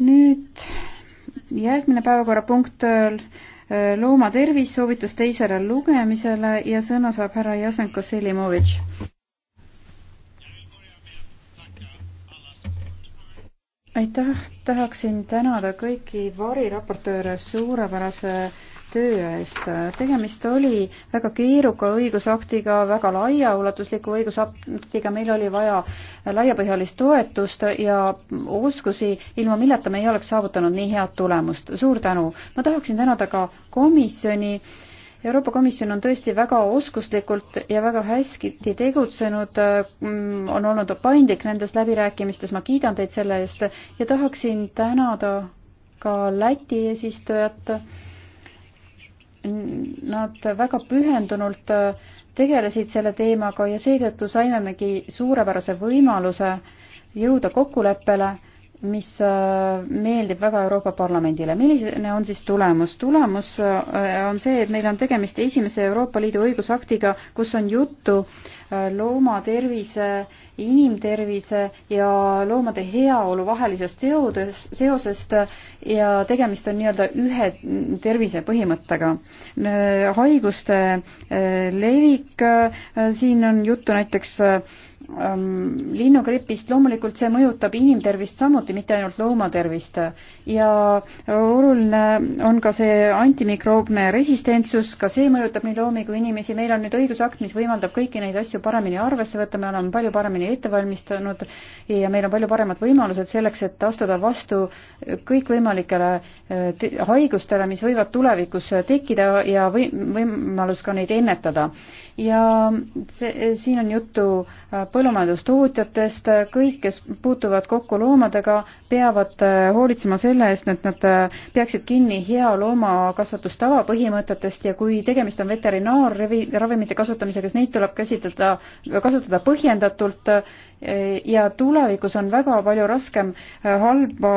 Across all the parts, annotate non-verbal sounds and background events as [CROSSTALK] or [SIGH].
nüüd järgmine päevakorrapunkt äh, loomatervis, soovitus teisele lugemisele ja sõna saab härra Jasenko Selimovitš. aitäh, tahaksin tänada kõiki variraportööre suurepärase töö eest. tegemist oli väga keeruka õigusaktiga, väga laiaulatusliku õigusaktiga, meil oli vaja laiapõhjalist toetust ja oskusi, ilma milleta me ei oleks saavutanud nii head tulemust. suur tänu! ma tahaksin tänada ka komisjoni Euroopa Komisjon on tõesti väga oskuslikult ja väga hästi tegutsenud, mm, on olnud paindlik nendes läbirääkimistes, ma kiidan teid selle eest ja tahaksin tänada ka Läti eesistujat nad väga pühendunult äh, tegelesid selle teemaga ja seetõttu saimegi suurepärase võimaluse jõuda kokkuleppele mis äh, meeldib väga Euroopa Parlamendile. milline on siis tulemus? tulemus äh, on see, et meil on tegemist esimese Euroopa Liidu õigusaktiga, kus on juttu äh, loomatervise, inimtervise ja loomade heaolu vahelisest seodes, seosest ja tegemist on nii-öelda ühe tervise põhimõttega. haiguste levik, siin on juttu näiteks Ähm, linnugripist, loomulikult see mõjutab inimtervist samuti, mitte ainult loomatervist. ja oluline on ka see antimikroobne resistentsus, ka see mõjutab nii loomi kui inimesi, meil on nüüd õigusakt, mis võimaldab kõiki neid asju paremini arvesse võtta, me oleme palju paremini ette valmistanud ja meil on palju paremad võimalused selleks, et astuda vastu kõikvõimalikele äh, haigustele, mis võivad tulevikus tekkida ja või-, võimalus ka neid ennetada. ja see, siin on juttu äh, põllumajandustootjatest, kõik, kes puutuvad kokku loomadega, peavad äh, hoolitsema selle eest, et nad äh, peaksid kinni hea loomakasvatustava põhimõtetest ja kui tegemist on veterinaarravimite kasutamisega, siis neid tuleb käsitleda, kasutada põhjendatult äh, ja tulevikus on väga palju raskem halba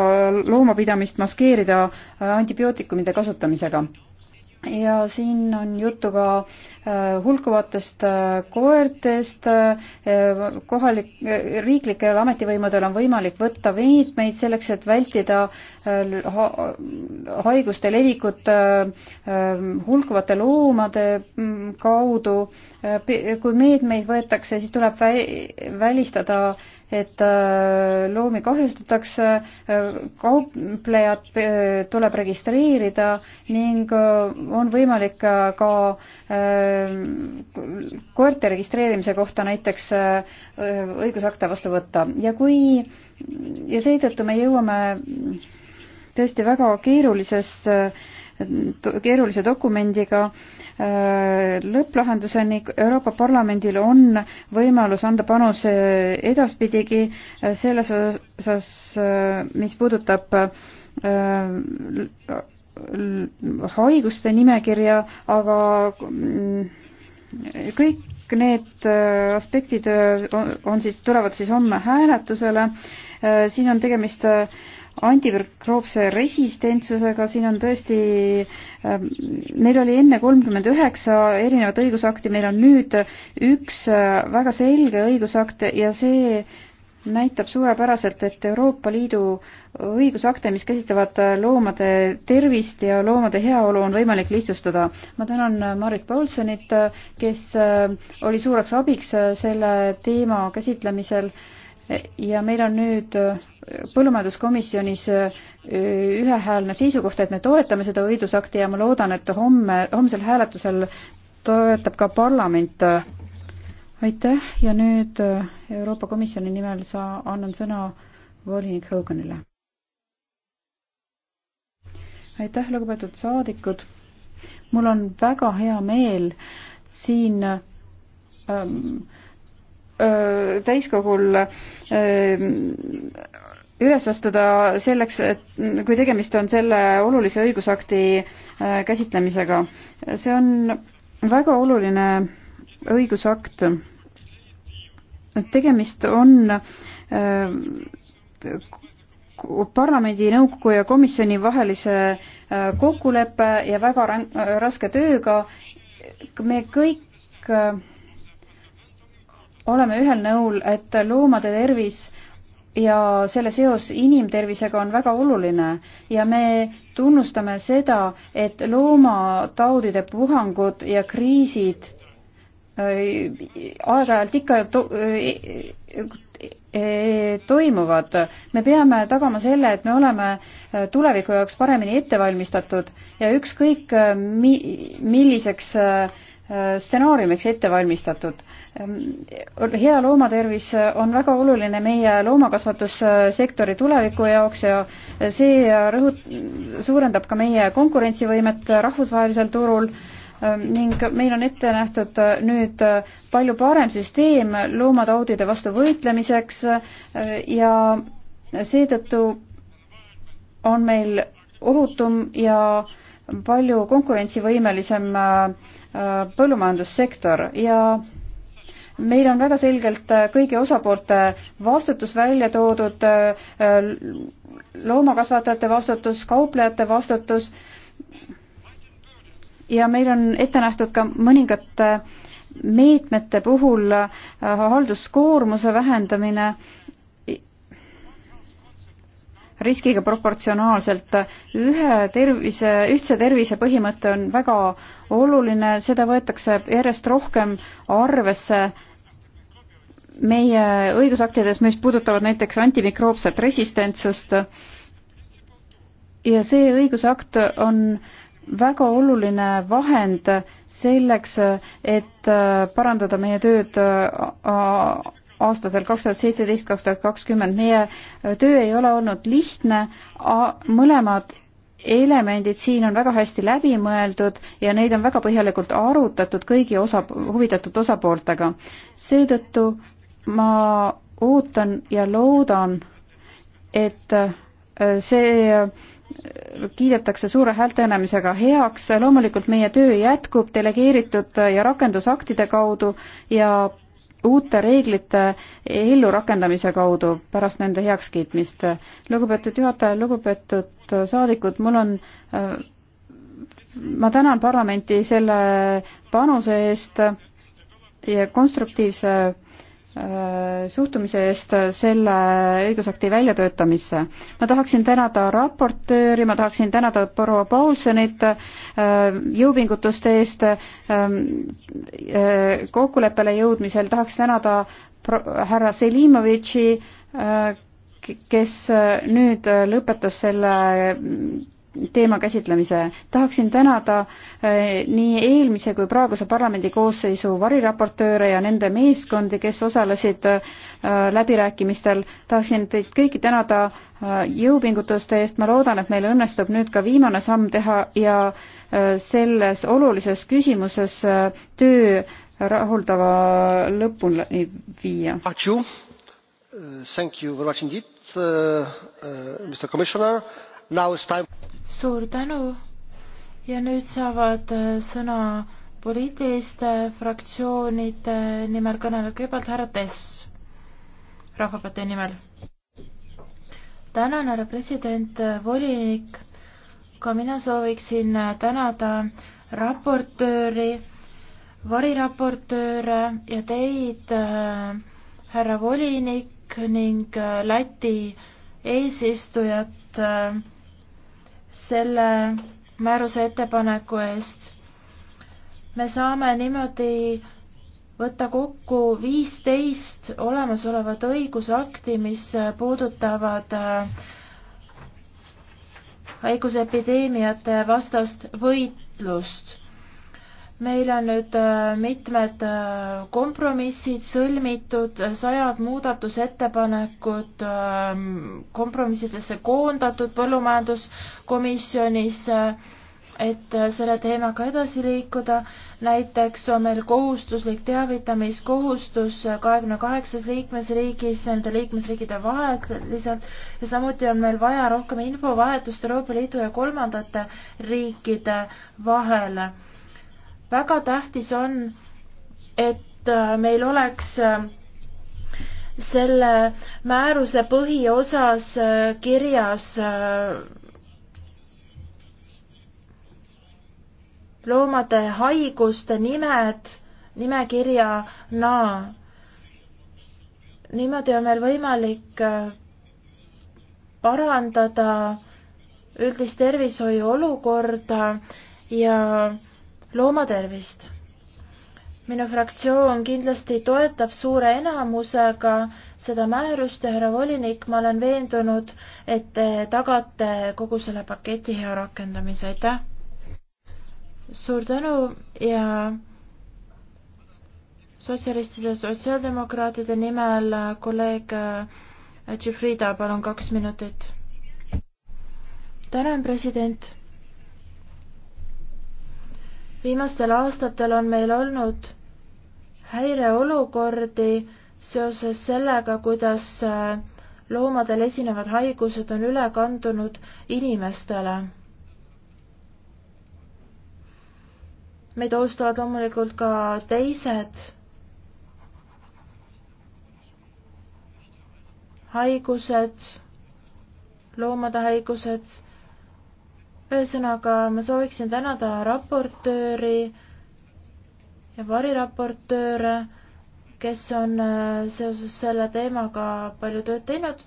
loomapidamist maskeerida antibiootikumide kasutamisega ja siin on juttu ka äh, hulkuvatest äh, koertest, äh, kohalik, riiklikel ametivõimudel on võimalik võtta meetmeid selleks, et vältida ha haiguste levikut hulkuvate loomade mm, kaudu. kui meetmeid võetakse, siis tuleb välistada et äh, loomi kahjustatakse, äh, kauplejad äh, tuleb registreerida ning on võimalik ka koerte registreerimise kohta näiteks õigusakte vastu võtta ja kui ja seetõttu me jõuame tõesti väga keerulisesse keerulise dokumendiga äh, lõpplahenduseni. Euroopa Parlamendil on võimalus anda panus edaspidigi äh, selles osas, äh, mis puudutab haiguste nimekirja, aga mm, kõik need aspektid on siis, tulevad siis homme hääletusele. siin on tegemist äh, antimikroopse resistentsusega, siin on tõesti, ähm, meil oli enne kolmkümmend üheksa erinevat õigusakti, meil on nüüd üks äh, väga selge õigusakt ja see näitab suurepäraselt, et Euroopa Liidu õigusakte, mis käsitlevad äh, loomade tervist ja loomade heaolu, on võimalik lihtsustada. ma tänan äh, Marit Paulsonit, kes oli suureks abiks selle teema käsitlemisel ja meil on nüüd äh, põllumajanduskomisjonis äh, ühehäälne seisukoht, et me toetame seda õigusakti ja ma loodan, et homme, homsel hääletusel toetab ka parlament. aitäh ja nüüd äh, Euroopa Komisjoni nimel sa, annan sõna volinik Hoganile. aitäh, lugupeetud saadikud. mul on väga hea meel siin ähm, Äh, täiskogul äh, üles astuda selleks, et kui tegemist on selle olulise õigusakti äh, käsitlemisega. see on väga oluline õigusakt. tegemist on parlamendi, nõukogu ja komisjoni vahelise kokkuleppe ja väga raske tööga. me kõik oleme ühel nõul, et loomade tervis ja selle seos inimtervisega on väga oluline ja me tunnustame seda, et loomataudide puhangud ja kriisid äh, aeg-ajalt ikka to äh, äh, toimuvad. me peame tagama selle, et me oleme tuleviku jaoks paremini ette valmistatud ja ükskõik mi-, milliseks äh, stsenaariumiks ette valmistatud. hea loomatervis on väga oluline meie loomakasvatussektori tuleviku jaoks ja see rõhut-, suurendab ka meie konkurentsivõimet rahvusvahelisel turul ning meil on ette nähtud nüüd palju parem süsteem loomataudide vastu võitlemiseks ja seetõttu on meil ohutum ja äh, palju konkurentsivõimelisem äh, äh, põllumajandussektor ja meil on väga selgelt äh, kõigi osapoolte vastutus välja toodud, loomakasvatajate vastutus, kauplejate vastutus ja meil on ette nähtud ka mõningate meetmete puhul halduskoormuse vähendamine riskiga proportsionaalselt. ühe tervise, ühtse tervise põhimõte on väga oluline, seda võetakse järjest rohkem arvesse meie õigusaktides, mis puudutavad näiteks antimikroopset resistentsust ja see õigusakt on väga oluline vahend selleks, et parandada meie tööd aastatel kaks tuhat seitseteist, kaks tuhat kakskümmend. meie äh, töö ei ole olnud lihtne, mõlemad elemendid siin on väga hästi läbimõeldud ja neid on väga põhjalikult arutatud kõigi osa, huvitatud osapooltega. seetõttu ma ootan ja loodan, et äh, see äh, kiidetakse suure häälteenamisega heaks, loomulikult meie töö jätkub delegeeritud ja rakendusaktide kaudu ja uute reeglite ellurakendamise kaudu pärast nende heakskiitmist. lugupeetud juhataja, lugupeetud saadikud, mul on ma tänan parlamenti selle panuse eest ja konstruktiivse suhtumise eest selle õigusakti väljatöötamisse. ma tahaksin tänada raportööri, ma tahaksin tänada proua Paulsonit äh, jõupingutuste eest äh, äh, kokkuleppele jõudmisel, tahaks tänada härra Selimovitši, kes nüüd lõpetas selle teema käsitlemise. tahaksin tänada äh, nii eelmise kui praeguse parlamendi koosseisu variraportööre ja nende meeskondi, kes osalesid äh, läbirääkimistel. tahaksin teid kõiki tänada äh, jõupingutuste eest, ma loodan, et meil õnnestub nüüd ka viimane samm teha ja selles olulises küsimuses töö rahuldava lõpuni viia. Thank you very much indeed uh,, uh, Mr Commissioner. Now it's time suur tänu ja nüüd saavad äh, sõna poliitiliste fraktsioonide nimel kõneleb kõigepealt härra Tess, Rahvapartei nimel. tänan, härra president, äh, volinik, ka mina sooviksin äh, tänada raportööri, variraportööre ja teid, härra volinik ning Läti eesistujat äh, selle määruse ettepaneku eest. me saame niimoodi võtta kokku viisteist olemasolevat õigusakti, mis puudutavad haigusepideemiate äh, vastast võitlust meil on nüüd äh, mitmed äh, kompromissid sõlmitud, sajad muudatusettepanekud ähm, kompromissidesse koondatud põllumajanduskomisjonis, äh, et selle teemaga edasi liikuda. näiteks on meil kohustuslik teavitamiskohustus kahekümne kaheksas liikmesriigis, nende liikmesriikide vaheliselt ja samuti on meil vaja rohkem infovahetust Euroopa Liidu ja kolmandate riikide vahel väga tähtis on, et äh, meil oleks äh, selle määruse põhiosas äh, kirjas loomade haiguste nimed nimekirjana. niimoodi on meil võimalik parandada üldist tervishoiu olukorda ja loomatervist. minu fraktsioon kindlasti toetab suure enamusega seda määrust ja härra volinik, ma olen veendunud, et te tagate kogu selle paketi hea rakendamise, aitäh! suur tänu ja sotsialistide ja sotsiaaldemokraatide nimel kolleeg Tšifrida, palun kaks minutit. tänan, president viimastel aastatel on meil olnud häireolukordi seoses sellega, kuidas äh, loomadel esinevad haigused on üle kandunud inimestele. meid ohustavad loomulikult ka teised haigused, loomade haigused ühesõnaga, ma sooviksin tänada raportööri ja variraportööre, kes on äh, seoses selle teemaga palju tööd teinud.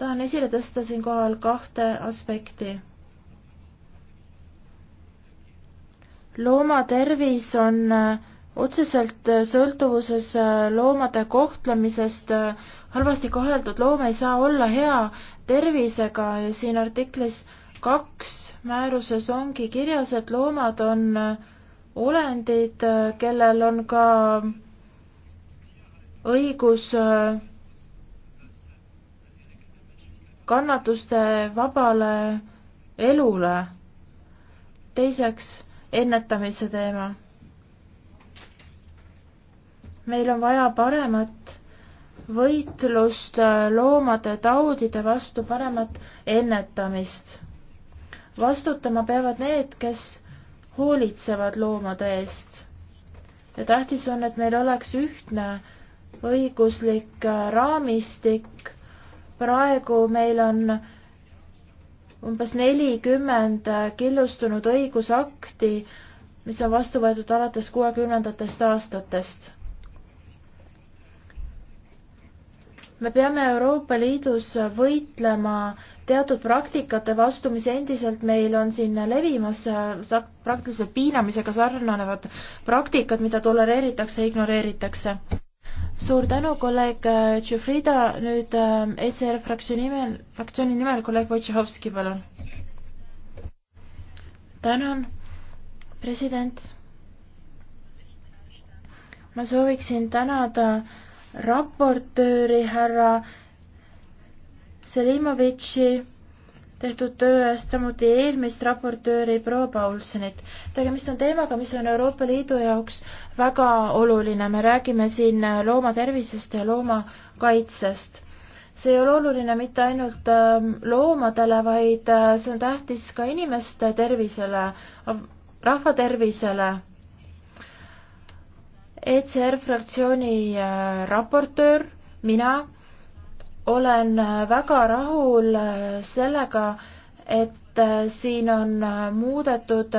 tahan esile tõsta siinkohal kahte aspekti. loomatervis on äh, otseselt äh, sõltuvuses loomade kohtlemisest. halvasti koheldud loom ei saa olla hea tervisega ja siin artiklis äh, kaks määruses ongi kirjas, et loomad on olendid, kellel on ka õigus äh, kannatuste vabale elule. teiseks, ennetamise teema. meil on vaja paremat võitlust äh, loomade taudide vastu, paremat ennetamist vastutama peavad need, kes hoolitsevad loomade eest. ja tähtis on, et meil oleks ühtne õiguslik äh, raamistik. praegu meil on umbes nelikümmend äh, killustunud õigusakti, mis on vastu võetud alates kuuekümnendatest aastatest me peame Euroopa Liidus võitlema teatud praktikate vastu, mis endiselt meil on siin levimas, praktiliselt piinamisega sarnanevad praktikad, mida tolereeritakse, ignoreeritakse. suur tänu, kolleeg Tšufrida, nüüd äh, ECR fraktsiooni nimel, fraktsiooni nimel kolleeg Wojciechowski, palun. tänan, president. ma sooviksin tänada raportööri härra Selimovitši tehtud töö eest, samuti eelmist raportööri proua Paulsenit. tegemist on teemaga, mis on Euroopa Liidu jaoks väga oluline, me räägime siin loomatervisest ja loomakaitsest. see ei ole oluline mitte ainult ähm, loomadele, vaid äh, see on tähtis ka inimeste tervisele, rahva tervisele ECR fraktsiooni äh, raportöör, mina, olen äh, väga rahul äh, sellega, et siin on muudetud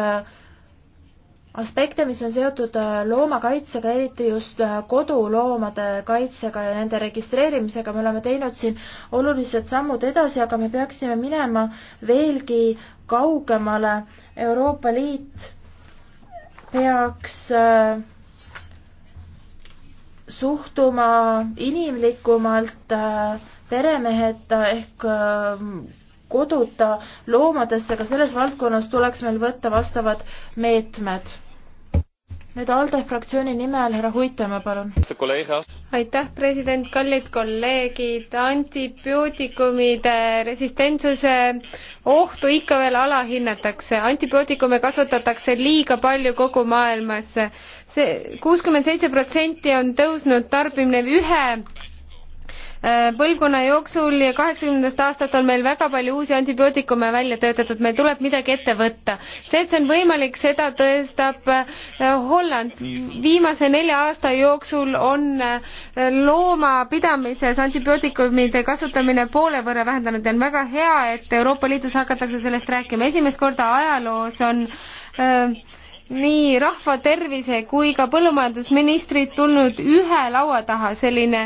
aspekte, mis on seotud loomakaitsega, eriti just koduloomade kaitsega ja nende registreerimisega, me oleme teinud siin olulised sammud edasi, aga me peaksime minema veelgi kaugemale. Euroopa Liit peaks äh, suhtuma inimlikumalt äh, peremeheta ehk ähm, koduta loomadesse, ka selles valdkonnas tuleks meil võtta vastavad meetmed. nüüd ALDE fraktsiooni nimel härra Huitemaa, palun. aitäh, president, kallid kolleegid, antibiootikumide resistentsuse ohtu ikka veel alahinnatakse, antibiootikume kasutatakse liiga palju kogu maailmas see kuuskümmend seitse protsenti on tõusnud tarbimine ühe äh, põlvkonna jooksul ja kaheksakümnendast aastast on meil väga palju uusi antibiootikume välja töötatud, meil tuleb midagi ette võtta. see, et see on võimalik, seda tõestab äh, Holland. viimase nelja aasta jooksul on äh, loomapidamises antibiootikumide kasutamine poole võrra vähendanud ja on väga hea, et Euroopa Liidus hakatakse sellest rääkima. esimest korda ajaloos on äh, nii rahvatervise kui ka põllumajandusministrid tulnud ühe laua taha, selline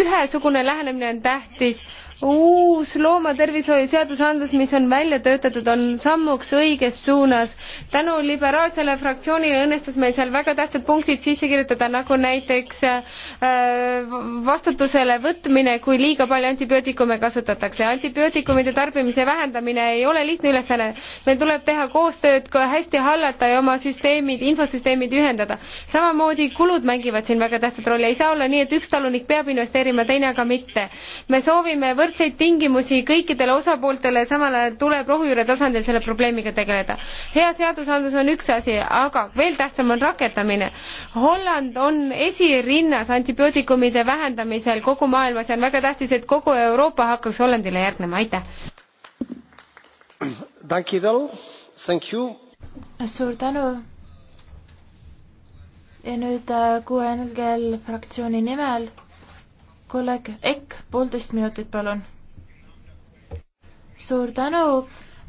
ühesugune lähenemine on tähtis uus loomatervishoiu seadusandlus, mis on välja töötatud, on sammuks õiges suunas. tänu liberaalsele fraktsioonile õnnestus meil seal väga tähtsad punktid sisse kirjutada, nagu näiteks äh, vastutusele võtmine, kui liiga palju antibiootikume kasutatakse. antibiootikumide tarbimise vähendamine ei ole lihtne ülesanne. meil tuleb teha koostööd, kui hästi hallata ja oma süsteemid, infosüsteemid ühendada. samamoodi kulud mängivad siin väga tähtsat rolli. ei saa olla nii, et üks talunik peab investeerima, teine aga mitte. me soovime võrd-, võrdseid tingimusi kõikidele osapooltele ja samal ajal tuleb rohujuure tasandil selle probleemiga tegeleda. hea seadusandlus on üks asi, aga veel tähtsam on rakendamine. Holland on esirinnas antibiootikumide vähendamisel kogu maailmas ja on väga tähtis, et kogu Euroopa hakkaks Hollandile järgnema, aitäh! suur tänu! ja nüüd QNGL äh, fraktsiooni nimel kolleeg Ekk, poolteist minutit, palun. suur tänu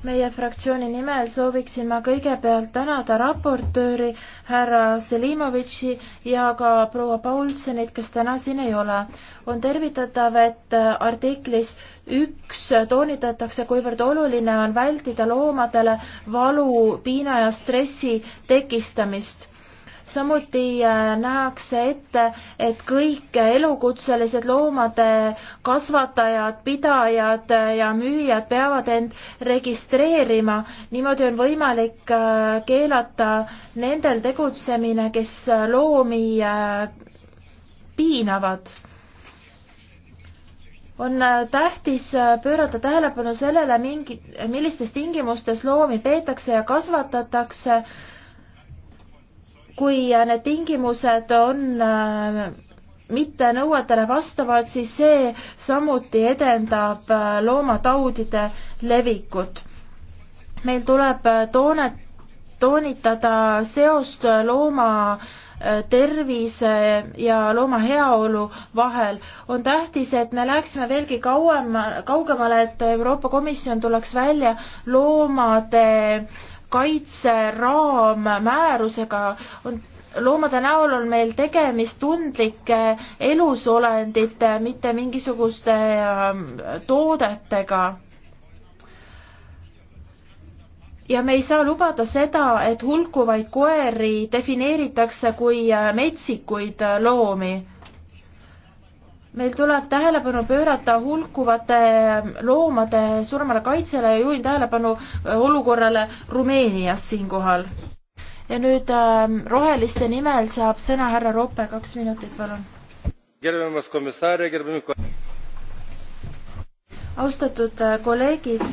meie fraktsiooni nimel sooviksin ma kõigepealt tänada raportööri härra Selimovitši ja ka proua Paulsenit, kes täna siin ei ole. on tervitatav, et artiklis üks toonitatakse, kuivõrd oluline on vältida loomadele valu, piina ja stressi tekistamist samuti äh, nähakse ette, et kõik elukutselised loomade kasvatajad, pidajad äh, ja müüjad peavad end registreerima. niimoodi on võimalik äh, keelata nendel tegutsemine, kes loomi piinavad. on tähtis pöörata tähelepanu sellele, mingi, millistes tingimustes loomi peetakse ja kasvatatakse kui äh, need tingimused on äh, mitte nõuetele vastavad, siis see samuti edendab äh, loomataudide levikut. meil tuleb toonet, toonitada seost looma tervise ja looma heaolu vahel. on tähtis, et me läheksime veelgi kauem, kaugemale, et Euroopa Komisjon tuleks välja loomade äh, kaitseraammäärusega on loomade näol on meil tegemist tundlike elusolendite, mitte mingisuguste ähm, toodetega. ja me ei saa lubada seda, et hulkuvaid koeri defineeritakse kui äh, metsikuid äh, loomi meil tuleb tähelepanu pöörata hulkuvate loomade surmale kaitsele ja juhin tähelepanu äh, olukorrale Rumeenias siinkohal. ja nüüd äh, roheliste nimel saab sõna härra Roppe, kaks minutit, palun. austatud äh, kolleegid,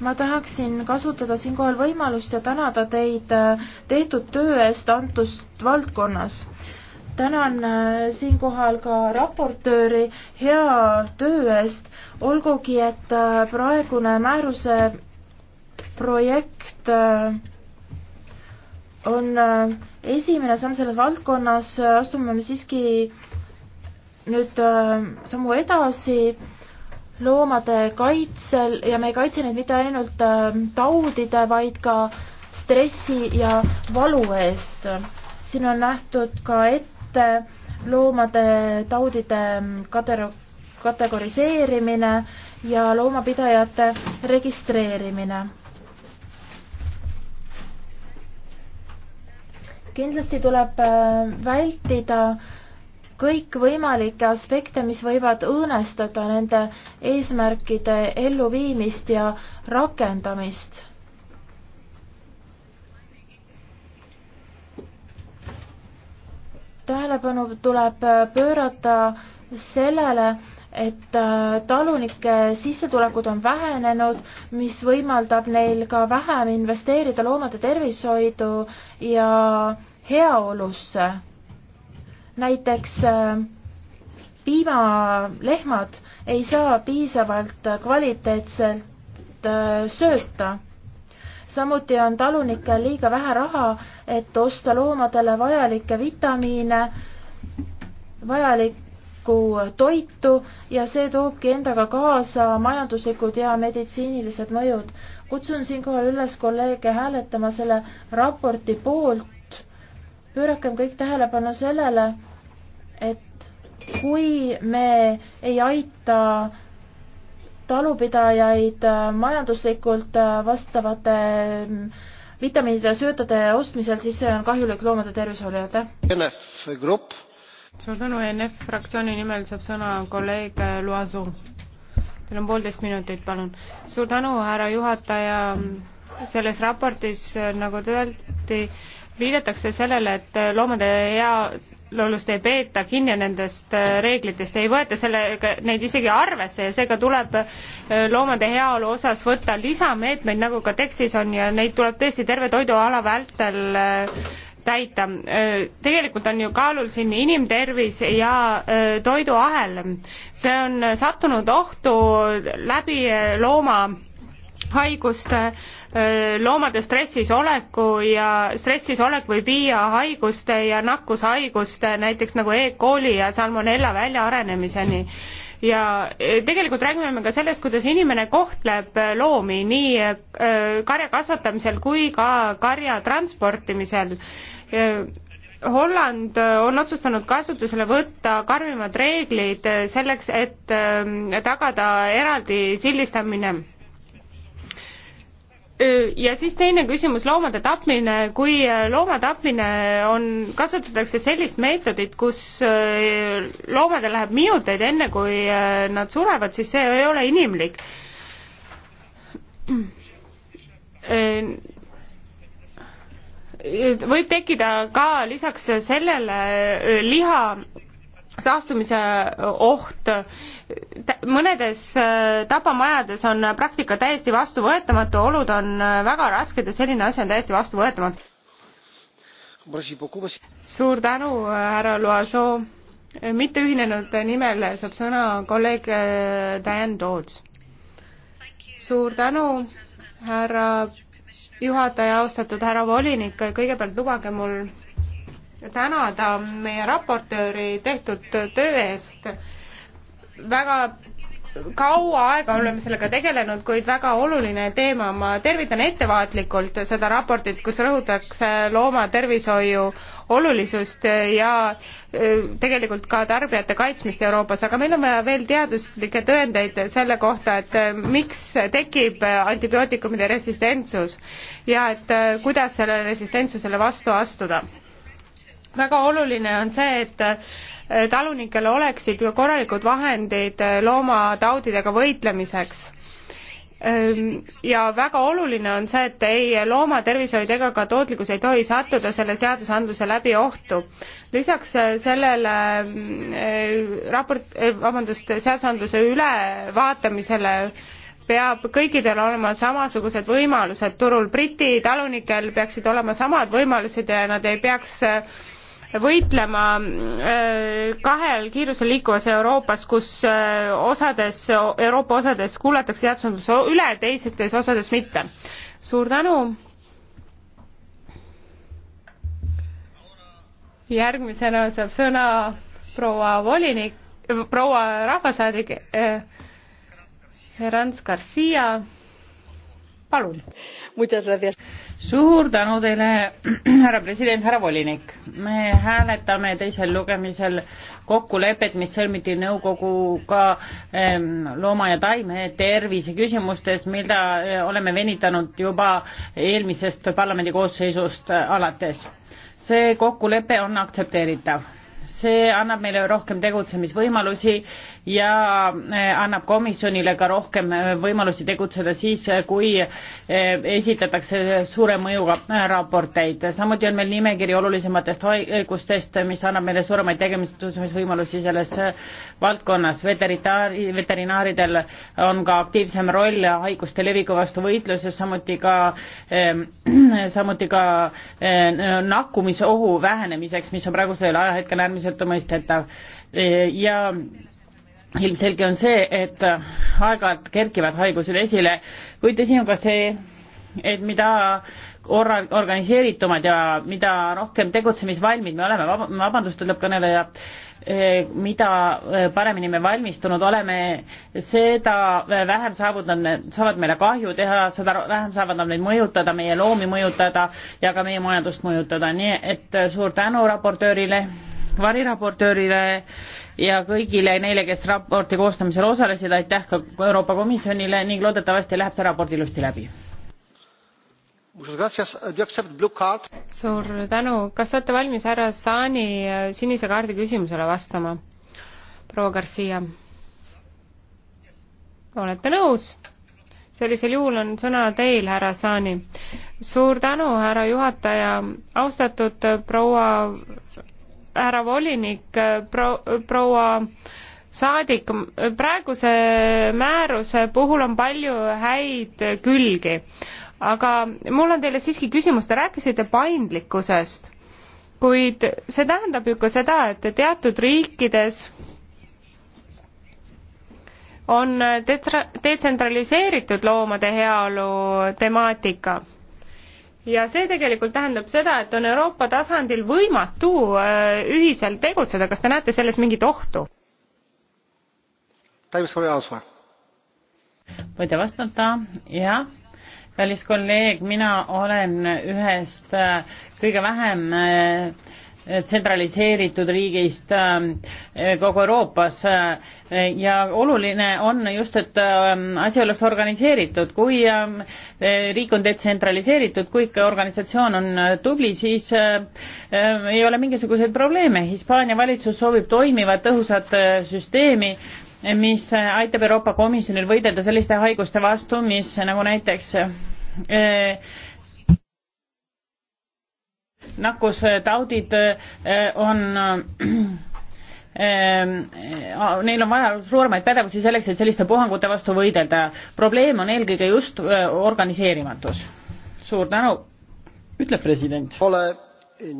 ma tahaksin kasutada siinkohal võimalust ja tänada teid äh, tehtud töö eest antust valdkonnas tänan äh, siinkohal ka raportööri hea töö eest, olgugi et äh, praegune määruse projekt äh, on esimene samm selles valdkonnas, astume me siiski nüüd sammu edasi loomade kaitsel ja me ei kaitse neid mitte ainult taudide, vaid ka stressi ja valu eest. siin on nähtud ka ette kätte, loomade taudide katero-, kategoriseerimine ja loomapidajate registreerimine. kindlasti tuleb äh, vältida kõikvõimalikke aspekte, mis võivad õõnestada nende eesmärkide elluviimist ja rakendamist tähelepanu tuleb äh, pöörata sellele, et äh, talunike sissetulekud on vähenenud, mis võimaldab neil ka vähem investeerida loomade tervishoidu ja heaolusse. näiteks äh, piimalehmad ei saa piisavalt kvaliteetselt sööta samuti on talunikel liiga vähe raha, et osta loomadele vajalikke vitamiine, vajalikku toitu ja see toobki endaga kaasa majanduslikud ja meditsiinilised mõjud. kutsun siinkohal üles kolleege hääletama selle raporti poolt. pöörakem kõik tähelepanu sellele, et kui me ei aita talupidajaid äh, majanduslikult äh, vastavate mm, vitamiinide ja söötade ostmisel, siis see on kahjulik loomade tervishoiule, aitäh. suur tänu, ENF fraktsiooni nimel saab sõna kolleeg äh, Loazu. Teil on poolteist minutit, palun. suur tänu, härra juhataja. selles raportis, nagu te öeldi, viidatakse sellele, et loomade hea loolust ei peeta kinni nendest äh, reeglitest, ei võeta sellega neid isegi arvesse ja seega tuleb äh, loomade heaolu osas võtta lisameetmeid, nagu ka tekstis on ja neid tuleb tõesti terve toiduala vältel äh, täita. tegelikult on ju kaalul siin inimtervis ja toiduahel. see on sattunud ohtu läbi looma haiguste äh, loomade stressis oleku ja stressis olek võib viia haiguste ja nakkushaiguste, näiteks nagu E. coli ja salmonella väljaarenemiseni ja e, tegelikult räägime me ka sellest, kuidas inimene kohtleb e, loomi nii e, karja kasvatamisel kui ka karja transportimisel. Holland on otsustanud kasutusele võtta karmimad reeglid selleks, et tagada eraldi sildistamine ja siis teine küsimus, loomade tapmine, kui äh, looma tapmine on, kasutatakse sellist meetodit, kus äh, loomadel läheb minuteid enne, kui äh, nad surevad, siis see ei ole inimlik. võib tekkida ka lisaks sellele liha saastumise oht. mõnedes äh, tapamajades on äh, praktika täiesti vastuvõetamatu, olud on äh, väga rasked ja selline asi on täiesti vastuvõetamatu. suur tänu, härra Loasoo. mitteühinenute nimel saab sõna kolleeg Diane Dodds. suur tänu, härra juhataja, austatud härra volinik, kõigepealt lubage mul tänada meie raportööri tehtud töö eest. väga kaua aega oleme sellega tegelenud, kuid väga oluline teema, ma tervitan ettevaatlikult seda raportit, kus rõhutatakse loomatervishoiu olulisust ja e, tegelikult ka tarbijate kaitsmist Euroopas, aga meil on vaja veel teaduslikke tõendeid selle kohta, et e, miks tekib antibiootikumide resistentsus ja et e, kuidas sellele resistentsusele vastu astuda väga oluline on see, et talunikel oleksid korralikud vahendid äh, loomataudidega võitlemiseks ehm, ja väga oluline on see, et ei loomatervishoid ega ka tootlikkus ei tohi sattuda selle seadusandluse läbi ohtu. lisaks äh, sellele mm, äh, raport, vabandust, seadusandluse ülevaatamisele peab kõikidel olema samasugused võimalused turul, Briti talunikel peaksid olema samad võimalused ja nad ei peaks äh, võitlema äh, kahel kiirusel liikuvas Euroopas, kus äh, osades, Euroopa osades kuulatakse seadusandluse üle, teistes osades mitte. suur tänu. järgmisena saab sõna proua volinik, proua rahvasaadik äh, Herans Garcia, palun suur tänu teile, [CLEARS THROAT] härra president, härra volinik. me hääletame teisel lugemisel kokkulepet, mis sõlmiti nõukoguga ehm, looma ja taime tervise küsimustes, mida eh, oleme venitanud juba eelmisest parlamendi koosseisust alates. see kokkulepe on aktsepteeritav see annab meile rohkem tegutsemisvõimalusi ja eh, annab komisjonile ka rohkem eh, võimalusi tegutseda siis, eh, kui esitatakse suure mõjuga raporteid. samuti on meil nimekiri olulisematest haigustest, mis annab meile suuremaid tegemisvõimalusi selles valdkonnas. veterinaari, veterinaaridel on ka aktiivsem roll haiguste leviku vastu võitluses, samuti ka, [CLEARS THROAT] samuti ka nakkumisohu vähenemiseks, mis on praegusel ajahetkel äärmiselt mõistetav eh, ja ilmselge on see, et aeg-ajalt kerkivad haigused esile, kuid tõsi on ka see, et mida orra-, organiseeritumad ja mida rohkem tegutsemisvalmid me oleme, vab-, vabandust, ütleb kõneleja, eh, mida eh, paremini me valmistunud oleme, seda vähem saavutavad need, saavad meile kahju teha, seda vähem saavad nad meid mõjutada, meie loomi mõjutada ja ka meie majandust mõjutada, nii et suur tänu raportöörile variraportöörile ja kõigile neile, kes raporti koostamisel osalesid, aitäh ka Euroopa Komisjonile ning loodetavasti läheb see raport ilusti läbi. suur tänu, kas olete valmis härra Saani äh, sinise kaardi küsimusele vastama? proua Garcia. olete nõus? sellisel juhul on sõna teil, härra Saani. suur tänu, härra juhataja, austatud äh, proua härra volinik, pro-, proua saadik, praeguse määruse puhul on palju häid külgi, aga mul on teile siiski küsimus, te rääkisite paindlikkusest, kuid see tähendab ju ka seda, et teatud riikides on detsentraliseeritud loomade heaolu temaatika ja see tegelikult tähendab seda, et on Euroopa tasandil võimatu äh, ühiselt tegutseda, kas te näete selles mingit ohtu? võite vastata, jah kallis kolleeg, mina olen ühest äh, kõige vähem äh, tsentraliseeritud riigist ähm, äh, kogu Euroopas äh, ja oluline on just, et ähm, asi oleks organiseeritud, kui ähm, äh, riik on detsentraliseeritud, kui ikka organisatsioon on tubli, siis ei ole mingisuguseid probleeme, Hispaania valitsus soovib toimivat tõhusat süsteemi, mis aitab Euroopa Komisjonil võidelda selliste haiguste vastu, mis nagu näiteks nakkustaudid äh, äh, on äh, neil on vaja suuremaid pädevusi selleks, et selliste puhangute vastu võidelda. probleem on eelkõige just organiseerimatus. suur tänu, ütleb president. Eh,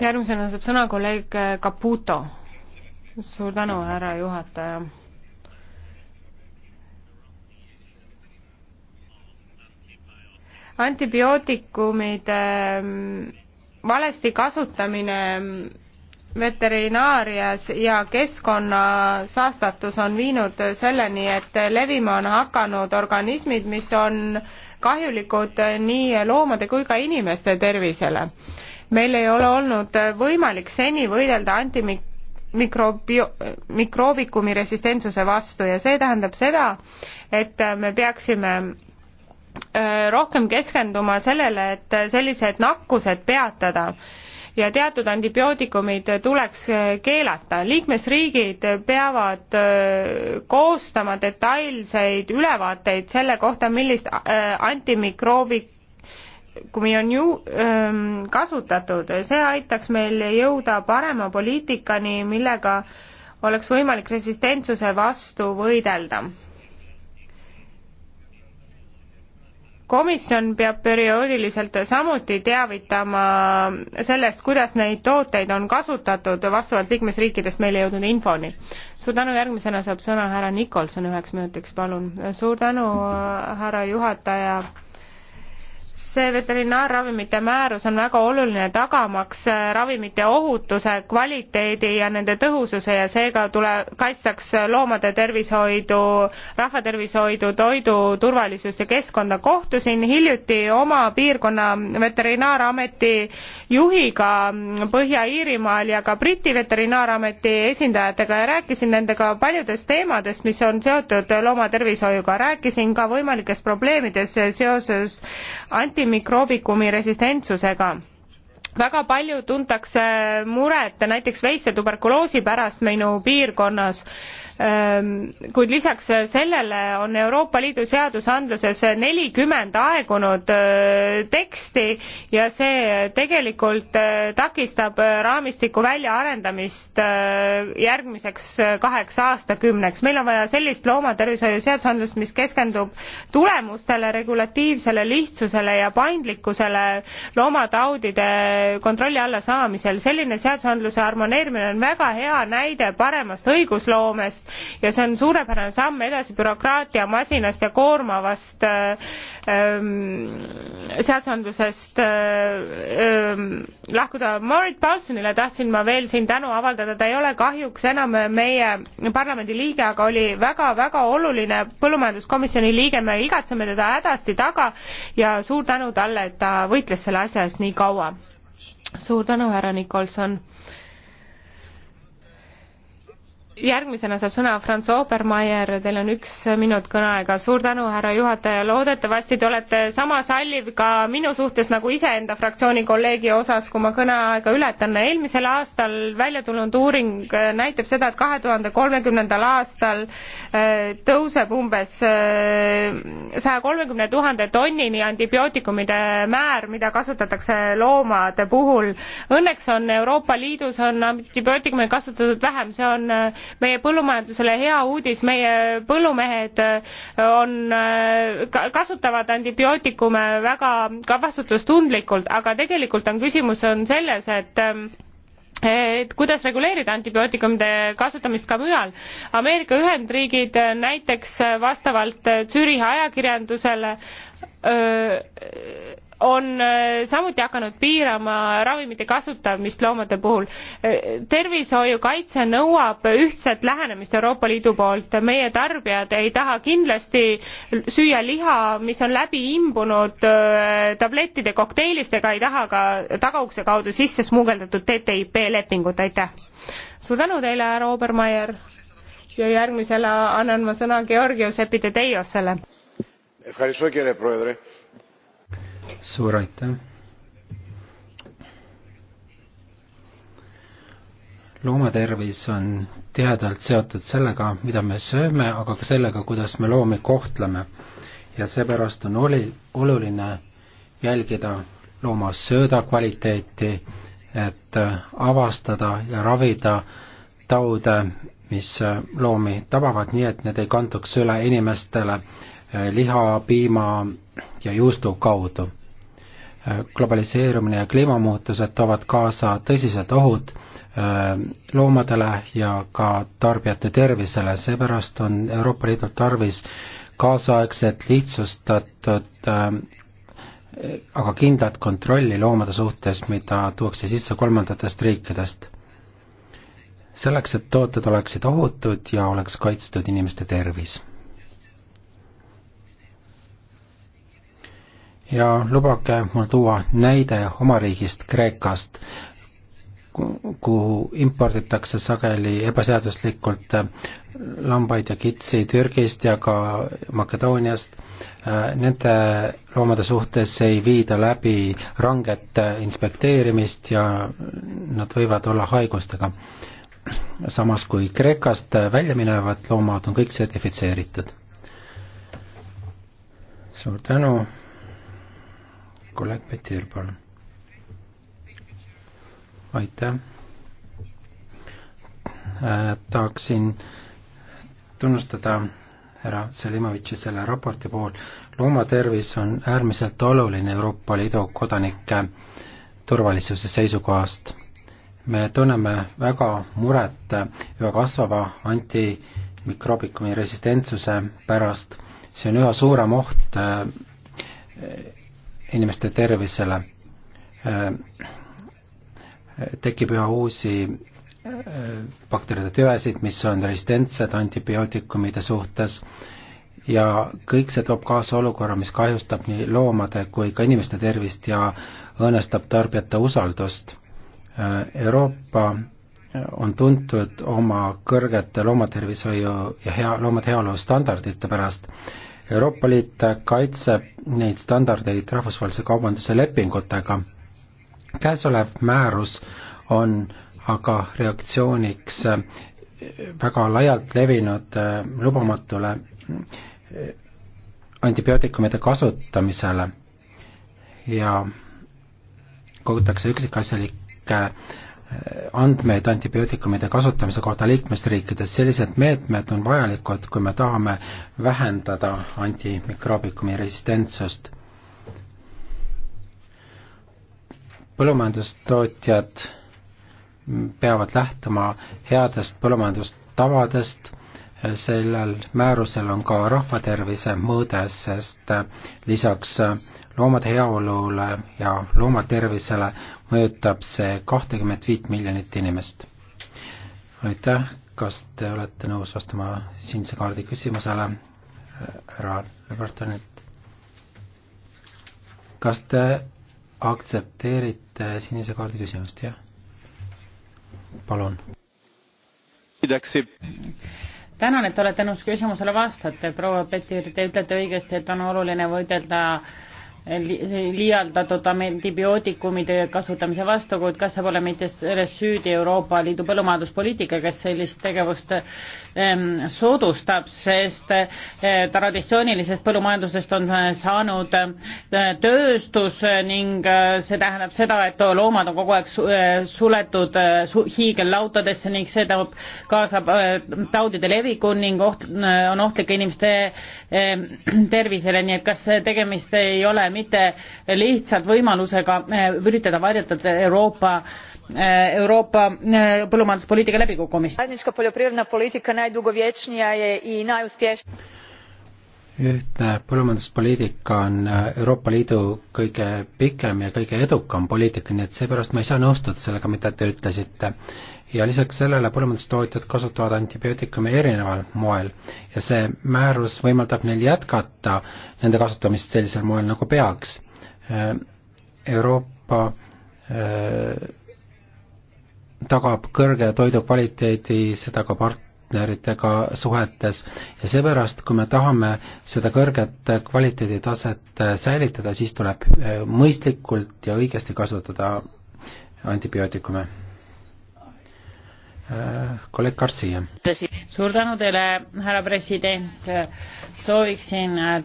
järgmisena saab sõna kolleeg Caputo. suur tänu, härra juhataja antibiootikumide ähm, valesti kasutamine veterinaarias ja keskkonna saastatus on viinud selleni, et levima on hakanud organismid, mis on kahjulikud nii loomade kui ka inimeste tervisele. meil ei ole olnud võimalik seni võidelda antimik-, mikrobio-, mikroobikumire resistentsuse vastu ja see tähendab seda, et me peaksime Äh, rohkem keskenduma sellele, et sellised nakkused peatada ja teatud antibiootikumid tuleks äh, keelata. liikmesriigid peavad äh, koostama detailseid ülevaateid selle kohta, millist antimikroobikumi on ju ähm, kasutatud. see aitaks meil jõuda parema poliitikani, millega oleks võimalik resistentsuse vastu võidelda komisjon peab perioodiliselt samuti teavitama sellest, kuidas neid tooteid on kasutatud vastavalt liikmesriikidest meile jõudnud infoni. suur tänu, järgmisena saab sõna härra Nikolson üheks minutiks, palun. suur tänu, äh, härra juhataja see veterinaarravimite määrus on väga oluline tagamaks äh, ravimite ohutuse, kvaliteedi ja nende tõhususe ja seega tule, kaitstaks loomade tervishoidu, rahvatervishoidu, toidu turvalisust ja keskkonda. kohtusin hiljuti oma piirkonna veterinaarameti juhiga Põhja-Iirimaal ja ka Briti veterinaarameti esindajatega ja rääkisin nendega paljudest teemadest, mis on seotud loomatervishoiuga. rääkisin ka võimalikest probleemidest seoses anti- antimikroobikumi resistentsusega väga palju tuntakse muret näiteks veiste tuberkuloosi pärast minu piirkonnas Ehm, kuid lisaks sellele on Euroopa Liidu seadusandluses nelikümmend aegunud ehm, teksti ja see tegelikult ehm, takistab raamistiku väljaarendamist järgmiseks kaheks aastakümneks. meil on vaja sellist loomatervishoiu seadusandlust, mis keskendub tulemustele, regulatiivsele lihtsusele ja paindlikkusele loomataudide kontrolli alla saamisel. selline seadusandluse harmoneerimine on väga hea näide paremast õigusloomest, tegevust ja see on suurepärane samm edasi bürokraatia masinast ja koormavast äh, ähm, seadusandlusest äh, ähm, lahkuda. Marit Paulsonile tahtsin ma veel siin tänu avaldada, ta ei ole kahjuks enam meie parlamendi liige, aga oli väga-väga oluline põllumajanduskomisjoni liige, me igatseme teda hädasti taga ja suur tänu talle, et ta võitles selle asja eest nii kaua. suur tänu, härra Nikolson järgmisena saab sõna Franz Obermeier, teil on üks minut kõneaega. suur tänu, härra juhataja, loodetavasti te olete sama salliv ka minu suhtes nagu iseenda fraktsiooni kolleegi osas, kui ma kõneaega ületan. eelmisel aastal välja tulnud uuring äh, näitab seda, et kahe tuhande kolmekümnendal aastal äh, tõuseb umbes äh, saja kolmekümne tuhande tonnini antibiootikumide määr, mida kasutatakse loomade puhul. Õnneks on Euroopa Liidus on antibiootikume kasutatud vähem, see on meie põllumajandusele hea uudis, meie põllumehed äh, on, äh, kasutavad antibiootikume väga ka vastutustundlikult, aga tegelikult on küsimus on selles, et ähm, et kuidas reguleerida antibiootikumide kasutamist ka mujal. Ameerika Ühendriigid äh, näiteks vastavalt Zürichi ajakirjandusele öö, on äh, samuti hakanud piirama ravimite kasutamist loomade puhul. Äh, tervishoiukaitse nõuab ühtset lähenemist Euroopa Liidu poolt. meie tarbijad ei taha kindlasti süüa liha, mis on läbi imbunud äh, tablettide kokteilistega, ei taha ka tagaukse kaudu sisse smugeldatud TTIP lepingut, aitäh! suur tänu teile, härra Obermeier ja järgmisena annan ma sõna Georgios Epideteiosele suur aitäh! loomatervis on tihedalt seotud sellega, mida me sööme, aga ka sellega, kuidas me loomi kohtleme. ja seepärast on oli, oluline jälgida looma söödakvaliteeti, et äh, avastada ja ravida taude, mis äh, loomi tabavad, nii et need ei kanduks üle inimestele äh, liha, piima ja juustu kaudu globaliseerumine ja kliimamuutused toovad kaasa tõsised ohud äh, loomadele ja ka tarbijate tervisele, seepärast on Euroopa Liidul tarvis kaasaegset, lihtsustatud äh, aga kindlat kontrolli loomade suhtes, mida tuuakse sisse kolmandatest riikidest. selleks, et tooted oleksid ohutud ja oleks kaitstud inimeste tervis ja lubage mul tuua näide oma riigist, Kreekast, kuhu imporditakse sageli ebaseaduslikult äh, lambaid ja kitsi Türgist ja ka Makedooniast. Äh, nende loomade suhtes ei viida läbi ranget äh, inspekteerimist ja nad võivad olla haigustega. samas kui Kreekast välja minevad loomad on kõik sertifitseeritud. suur tänu kolleeg Petir, palun. aitäh. Äh, tahaksin tunnustada härra Selimovitši selle raporti puhul. loomatervis on äärmiselt oluline Euroopa Liidu kodanike turvalisuse seisukohast. me tunneme väga muret üha kasvava antimikroobikumi resistentsuse pärast. see on üha suurem oht äh, inimeste tervisele. Äh, tekib üha uusi äh, bakteride tüvesid, mis on resistentsed antibiootikumide suhtes ja kõik see toob kaasa olukorra, mis kahjustab nii loomade kui ka inimeste tervist ja õõnestab tarbijate usaldust. Äh, Euroopa on tuntud oma kõrgete loomatervishoiu ja hea, loomade heaolu standardite pärast Euroopa Liit kaitseb neid standardeid rahvusvahelise kaubanduse lepingutega. käesolev määrus on aga reaktsiooniks väga laialt levinud lubamatule antibiootikumide kasutamisele ja kogutakse üksikasjalikke andmeid antibiootikumide kasutamise kohta liikmesriikides, sellised meetmed on vajalikud, kui me tahame vähendada antimikroobikumi resistentsust. põllumajandustootjad peavad lähtuma headest põllumajandustavadest, sellel määrusel on ka rahvatervise mõõde, sest lisaks loomade heaolule ja loomatervisele mõjutab see kahtekümmet viit miljonit inimest. aitäh, kas te olete nõus vastama sinise kaardi küsimusele härra Robertonilt? kas te aktsepteerite sinise kaardi küsimust, jah? palun. tänan, et olete nõus küsimusele vastate, proua Petir, te ütlete õigesti, et on oluline võidelda äh, liialdatud antibiootikumide kasutamise vastu, kuid kas see pole mitte selles süüdi Euroopa Liidu põllumajanduspoliitika, kes sellist tegevust ehm, soodustab, sest eh, traditsioonilisest põllumajandusest on eh, saanud eh, tööstus ning see tähendab seda, et loomad on kogu aeg suletud hiigellautadesse ning see toob kaasa taudide leviku ning oht, on ohtlik inimeste [CLEARS THROAT] tervisele, nii et kas tegemist ei ole mitte lihtsalt võimalusega eh, üritada varjata Euroopa eh, Euroopa eh, põllumajanduspoliitika läbikukkumist. ühtne põllumajanduspoliitika on Euroopa Liidu kõige pikem ja kõige edukam poliitika, nii et seepärast ma ei saa nõustuda sellega, mida te ütlesite ja lisaks sellele põllumajandustootjad kasutavad antibiootikume erineval moel ja see määrus võimaldab neil jätkata nende kasutamist sellisel moel, nagu peaks. Euroopa eh, tagab kõrge toidukvaliteedi, seda ka partneritega suhetes ja seepärast, kui me tahame seda kõrget kvaliteeditaset eh, säilitada, siis tuleb eh, mõistlikult ja õigesti kasutada antibiootikume Äh, kolleeg Garcia. suur tänu teile, härra president, sooviksin äh,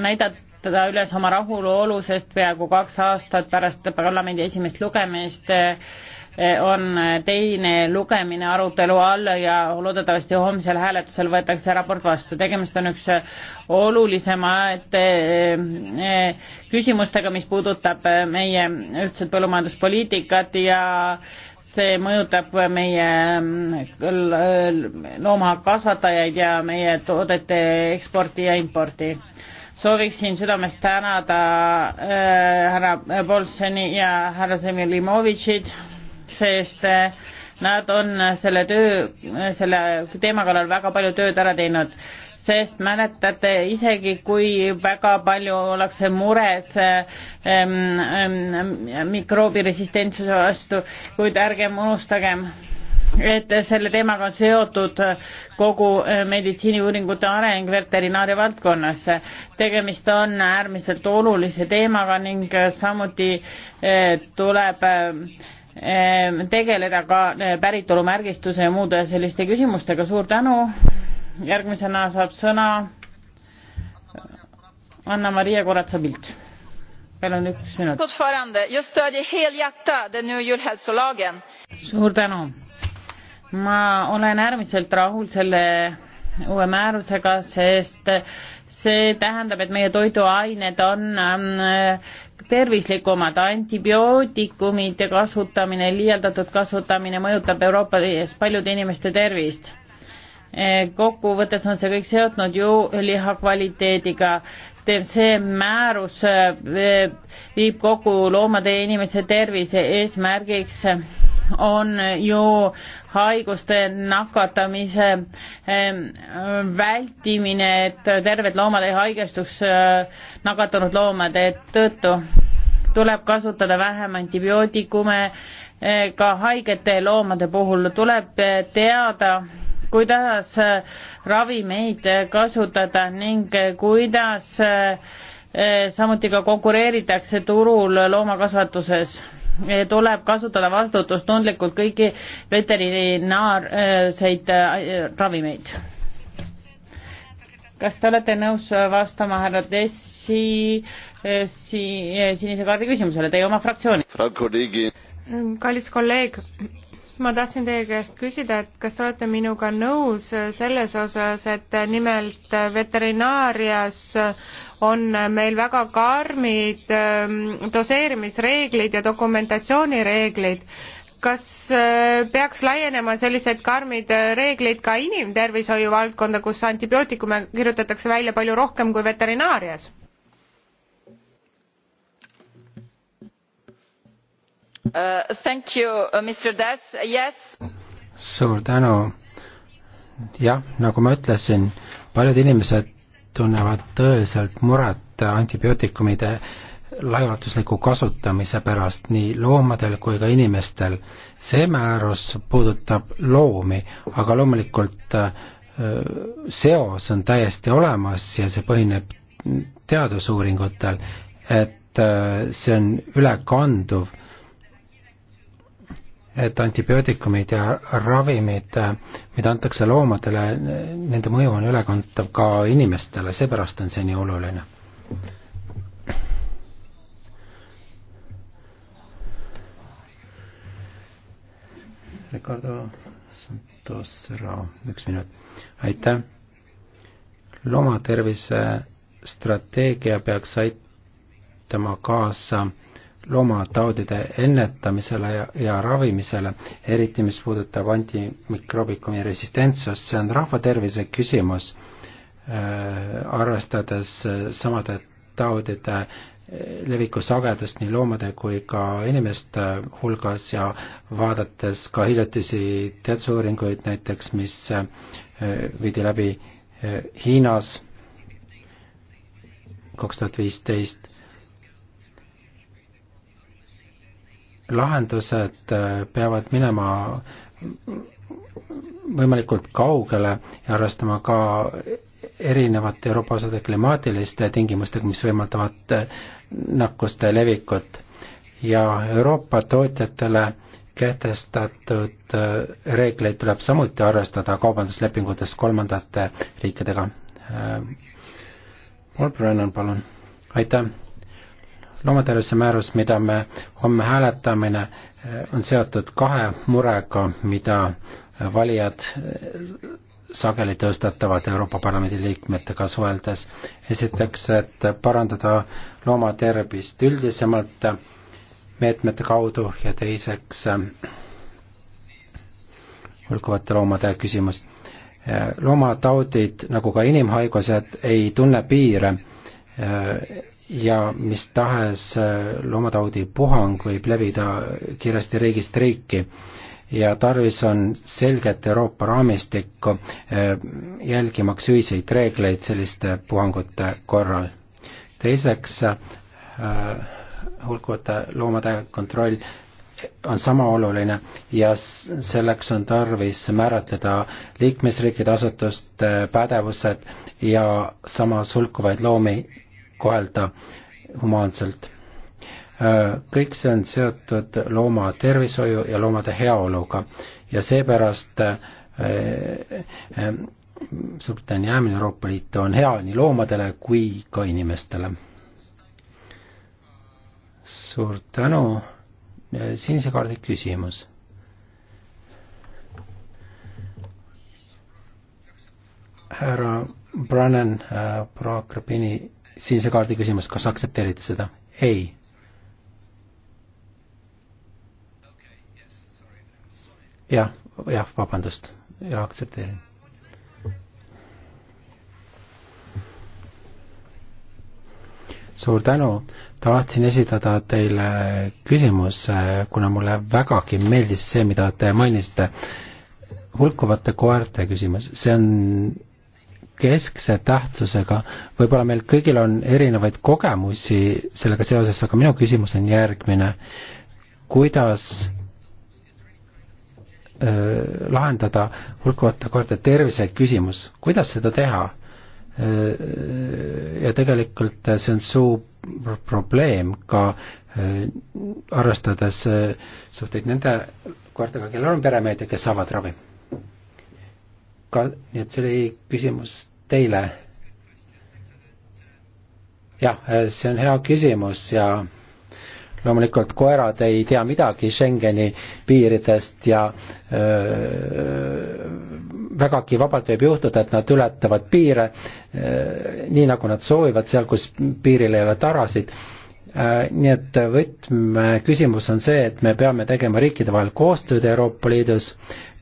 näidata üles oma rahulolu, sest peaaegu kaks aastat pärast parlamendi esimest lugemist äh, on teine lugemine arutelu all ja loodetavasti homsel hääletusel võetakse raport vastu. tegemist on üks olulisemate küsimustega, mis puudutab meie ühtset põllumajanduspoliitikat ja see mõjutab meie mm, loomakasvatajaid ja meie toodete eksporti ja importi. sooviksin südamest tänada äh, härra äh, Polseni ja härra Semilimovitšit, sest äh, nad on selle töö, selle teema kallal väga palju tööd ära teinud sest mäletate, isegi kui väga palju ollakse mures ähm, ähm, mikroobiresistentsuse vastu, kuid ärgem unustagem, et selle teemaga on seotud kogu äh, meditsiiniuuringute areng veterinaaria valdkonnas. tegemist on äärmiselt olulise teemaga ning samuti äh, tuleb äh, tegeleda ka äh, päritolumärgistuse ja muude selliste küsimustega. suur tänu järgmisena saab sõna Anna-Maria Koratsa-Pilt. meil on üks minut. suur tänu. ma olen äärmiselt rahul selle uue määrusega, sest see tähendab, et meie toiduained on ähm, tervislikumad, antibiootikumide kasutamine, liialdatud kasutamine mõjutab Euroopas paljude inimeste tervist Eh, kokkuvõttes on see kõik seotud ju liha kvaliteediga. see määrus eh, viib kokku loomade ja inimese tervise eesmärgiks on ju haiguste nakatamise eh, vältimine, et terved loomad ei haigestuks nakatunud loomade tõttu. tuleb kasutada vähem antibiootikume ka haigete loomade puhul, tuleb teada kuidas äh, ravimeid äh, kasutada ning äh, kuidas samuti ka konkureeritakse turul loomakasvatuses. tuleb kasutada vastutustundlikult kõiki veterinaarseid ravimeid. kas te olete nõus vastama härra Tessi si, sinise kaardi küsimusele teie oma fraktsiooni? kallis kolleeg, ma tahtsin teie käest küsida, et kas te olete minuga nõus selles osas, et nimelt veterinaarias on meil väga karmid ähm, doseerimisreeglid ja dokumentatsioonireeglid. kas äh, peaks laienema sellised karmid äh, reeglid ka inimtervishoiu valdkonda, kus antibiootikume kirjutatakse välja palju rohkem kui veterinaarias? uh,. uh yes. suur tänu. jah, nagu ma ütlesin, paljud inimesed tunnevad tõeliselt muret antibiootikumide laiaulatusliku kasutamise pärast nii loomadel kui ka inimestel. see määrus puudutab loomi, aga loomulikult äh, seos on täiesti olemas ja see põhineb teadusuuringutel, et äh, see on ülekanduv et antibiootikumid ja ravimid, mida antakse loomadele, nende mõju on ülekantav ka inimestele, seepärast on see nii oluline. Ricardo Santos Ra, üks minut. aitäh. loomatervise strateegia peaks aitama kaasa äh, loomataudide ennetamisele ja, ja ravimisele, eriti mis puudutab antimikroobikumi resistentsust, see on rahvatervise küsimus äh,, arvestades äh, samade taudide äh, leviku sagedust nii loomade kui ka inimeste äh, hulgas ja vaadates ka hiljutisi teadusuuringuid näiteks, mis äh, viidi läbi äh, Hiinas kaks tuhat viisteist, lahendused äh, peavad minema võimalikult kaugele ja arvestama ka erinevate Euroopa osade klimaatiliste tingimustega, mis võimaldavad äh, nakkuste levikut. ja Euroopa tootjatele kehtestatud äh, reegleid tuleb samuti arvestada kaubanduslepingutes kolmandate riikidega. Paul Brennan, palun. aitäh loomatervise määrus, mida me homme hääletamine, eh, on seotud kahe murega, mida eh, valijad eh, sageli tõstatavad Euroopa Parlamendi liikmetega suheldes. esiteks, et parandada loomatervist üldisemalt meetmete kaudu ja teiseks hulkuvate loomade küsimus. loomataudid nagu ka inimhaigused ei tunne piire ja mis tahes äh, loomataudi puhang võib levida kiiresti riigist riiki ja tarvis on selget Euroopa raamistikku, äh, jälgimaks ühiseid reegleid selliste puhangute korral. teiseks, äh, hulkuvate loomade kontroll on sama oluline ja selleks on tarvis määratleda liikmesriikide asutuste pädevused ja samas hulkuvaid loomi kohelda humaanselt. Äh, kõik see on seotud looma tervishoiu ja loomade heaoluga ja seepärast äh, äh, Suurbritannia jäämine Euroopa Liitu on hea nii loomadele kui ka inimestele. suur tänu, sinise kaardi küsimus. härra Brannan äh, Praakrapini sinise kaardi küsimus, kas aktsepteerite seda? ei. jah, jah, vabandust, ja aktsepteerin. suur tänu, tahtsin esitada teile küsimuse, kuna mulle vägagi meeldis see, mida te mainisite, hulkuvate koerte küsimus, see on keskse tähtsusega. võib-olla meil kõigil on erinevaid kogemusi sellega seoses, aga minu küsimus on järgmine. kuidas öö, lahendada hulkuvate kordade terviseküsimus, kuidas seda teha? ja tegelikult see on suur probleem ka arvestades suhteid nende koertega, kellel on peremehed ja kes saavad ravi. ka, nii et see oli küsimus teile. jah, eh, see on hea küsimus ja loomulikult koerad ei tea midagi Schengeni piiridest ja öö, eh, vägagi vabalt võib juhtuda, et nad ületavad piire öö, eh, nii, nagu nad soovivad, seal, kus piiril ei ole tarasid. Nii et võtmeküsimus on see, et me peame tegema riikide vahel koostööd Euroopa Liidus,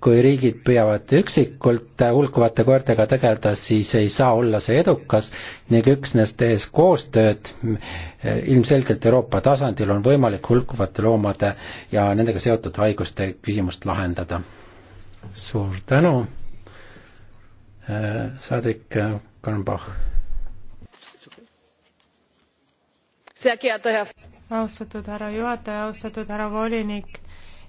kui riigid püüavad üksikult hulkuvate koertega tegeleda, siis ei saa olla see edukas ning üksnes tehes koostööd eh, ilmselgelt Euroopa tasandil on võimalik hulkuvate loomade ja nendega seotud haiguste küsimust lahendada. suur tänu, eh, saadik eh, Karmbach. austatud härra juhataja, austatud härra volinik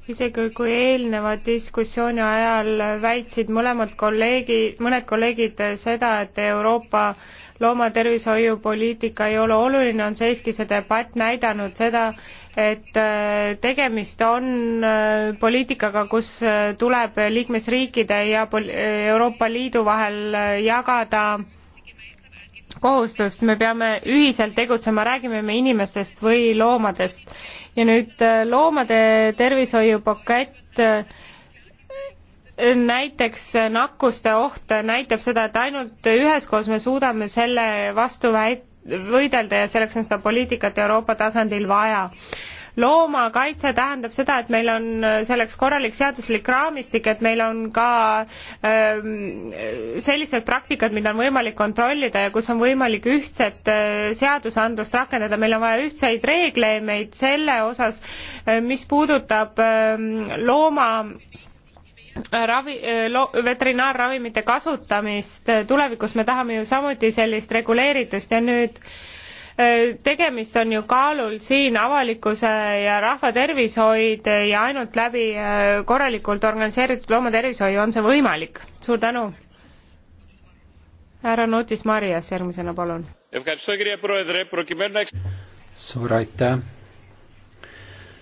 isegi kui eelneva diskussiooni ajal väitsid mõlemad kolleegid, mõned kolleegid seda, et Euroopa loomatervishoiupoliitika ei ole oluline, on siiski see debatt näidanud seda, et äh, tegemist on äh, poliitikaga, kus äh, tuleb liikmesriikide ja Euroopa Liidu vahel jagada kohustust, me peame ühiselt tegutsema, räägime me inimestest või loomadest ja nüüd äh, loomade tervishoiupakett äh, näiteks äh, nakkuste oht näitab seda, et ainult üheskoos me suudame selle vastu väit-, võidelda ja selleks on seda poliitikat Euroopa tasandil vaja loomakaitse tähendab seda, et meil on selleks korralik seaduslik raamistik, et meil on ka ähm, sellised praktikad, mida on võimalik kontrollida ja kus on võimalik ühtset äh, seadusandlust rakendada, meil on vaja ühtseid reegleid selle osas äh,, mis puudutab ähm, äh, looma ravi, äh, veterinaarravimite kasutamist, tulevikus me tahame ju samuti sellist reguleeritust ja nüüd äh, Äh, tegemist on ju kaalul siin avalikkuse ja rahva tervishoid ja ainult läbi äh, korralikult organiseeritud loomatervishoiu on see võimalik. suur tänu. härra Nutis Marias järgmisena, palun. suur aitäh.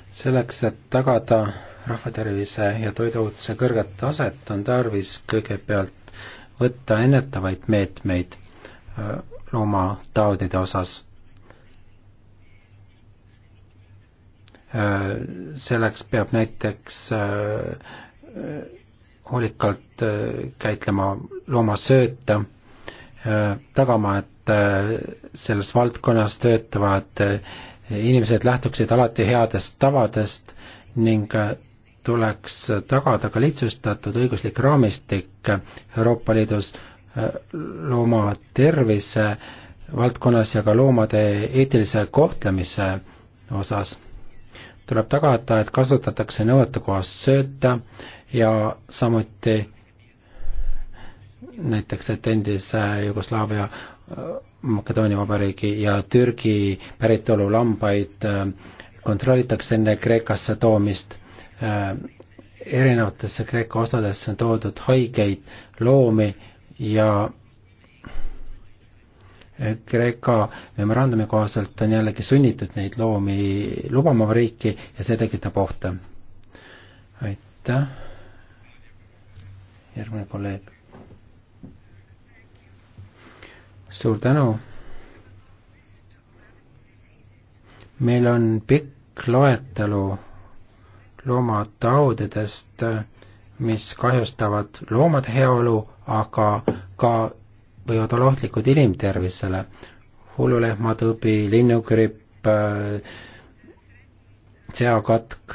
selleks, et tagada rahvatervise ja toiduohutuse kõrget taset, on tarvis kõigepealt võtta ennetavaid meetmeid äh, loomataudide osas Äh, selleks peab näiteks äh, hoolikalt äh, käitlema loomasööta, tagama, et selles valdkonnas töötavad inimesed lähtuksid alati headest tavadest ning tuleks tagada ka lihtsustatud õiguslik raamistik Euroopa Liidus loomatervise valdkonnas ja ka loomade eetilise kohtlemise osas tuleb tagada, et kasutatakse nõuetekohast sööta ja samuti näiteks, et endise äh, Jugoslaavia äh, Makedoonia Vabariigi ja Türgi päritolu lambaid äh, kontrollitakse enne Kreekasse toomist. erinevatesse Kreeka osadesse on toodud haigeid loomi ja Kreeka memorandumi kohaselt on jällegi sunnitud neid loomi lubama riiki ja see tekitab ohte. aitäh. järgmine kolleeg. suur tänu. meil on pikk loetelu loomataudidest, mis kahjustavad loomade heaolu, aga ka võivad olla ohtlikud inimtervisele. hullulehmatubi, linnugripp, seakatk,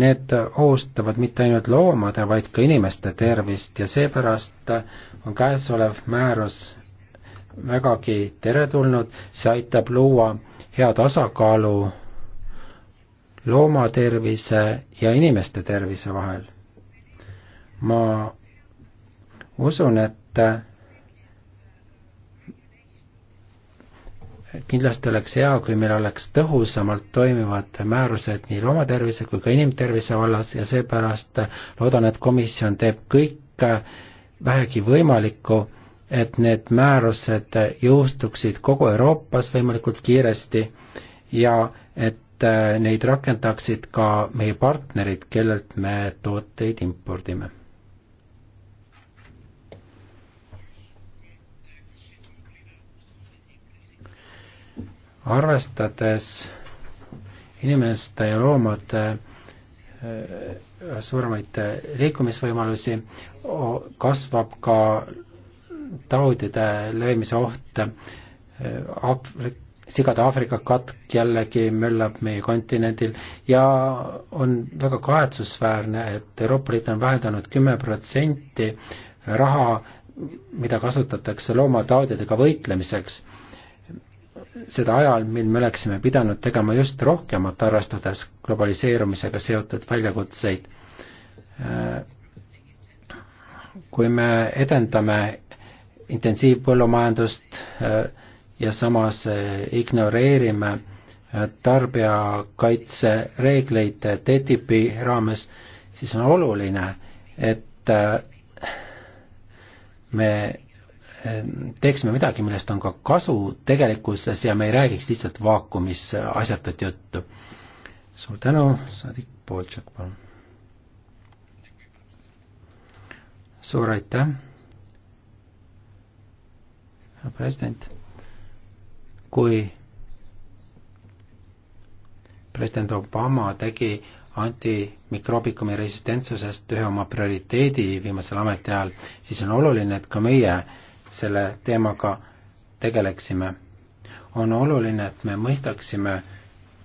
need ohustavad mitte ainult loomade, vaid ka inimeste tervist ja seepärast on käesolev määrus vägagi teretulnud, see aitab luua hea tasakaalu loomatervise ja inimeste tervise vahel. ma usun, et kindlasti oleks hea, kui meil oleks tõhusamalt toimivad määrused nii loomatervise kui ka inimtervise vallas ja seepärast loodan, et komisjon teeb kõik vähegi võimalikku, et need määrused jõustuksid kogu Euroopas võimalikult kiiresti ja et neid rakendaksid ka meie partnerid, kellelt me tooteid impordime arvestades inimeste ja loomade äh, suuremaid äh, liikumisvõimalusi, kasvab ka taudide löömise oht. Aafrik-, äh, sigade Aafrika katk jällegi möllab meie kontinendil ja on väga kahetsusväärne, et Euroopa Liit on vähendanud kümme protsenti raha, mida kasutatakse loomataudidega võitlemiseks seda ajal, mil me oleksime pidanud tegema just rohkemat, arvestades globaliseerumisega seotud väljakutseid. kui me edendame intensiivpõllumajandust ja samas eh, ignoreerime eh, tarbijakaitsereegleid eh, TTIP-i raames, siis on oluline, et me teeksime midagi, millest on ka kasu tegelikkuses ja me ei räägiks lihtsalt vaakumis asjatut juttu. suur tänu, saadik Poltšak, palun. suur aitäh, härra president. kui president Obama tegi antimikroobikumi resistentsusest ühe oma prioriteedi viimasel ametiajal, siis on oluline, et ka meie selle teemaga tegeleksime. on oluline, et me mõistaksime,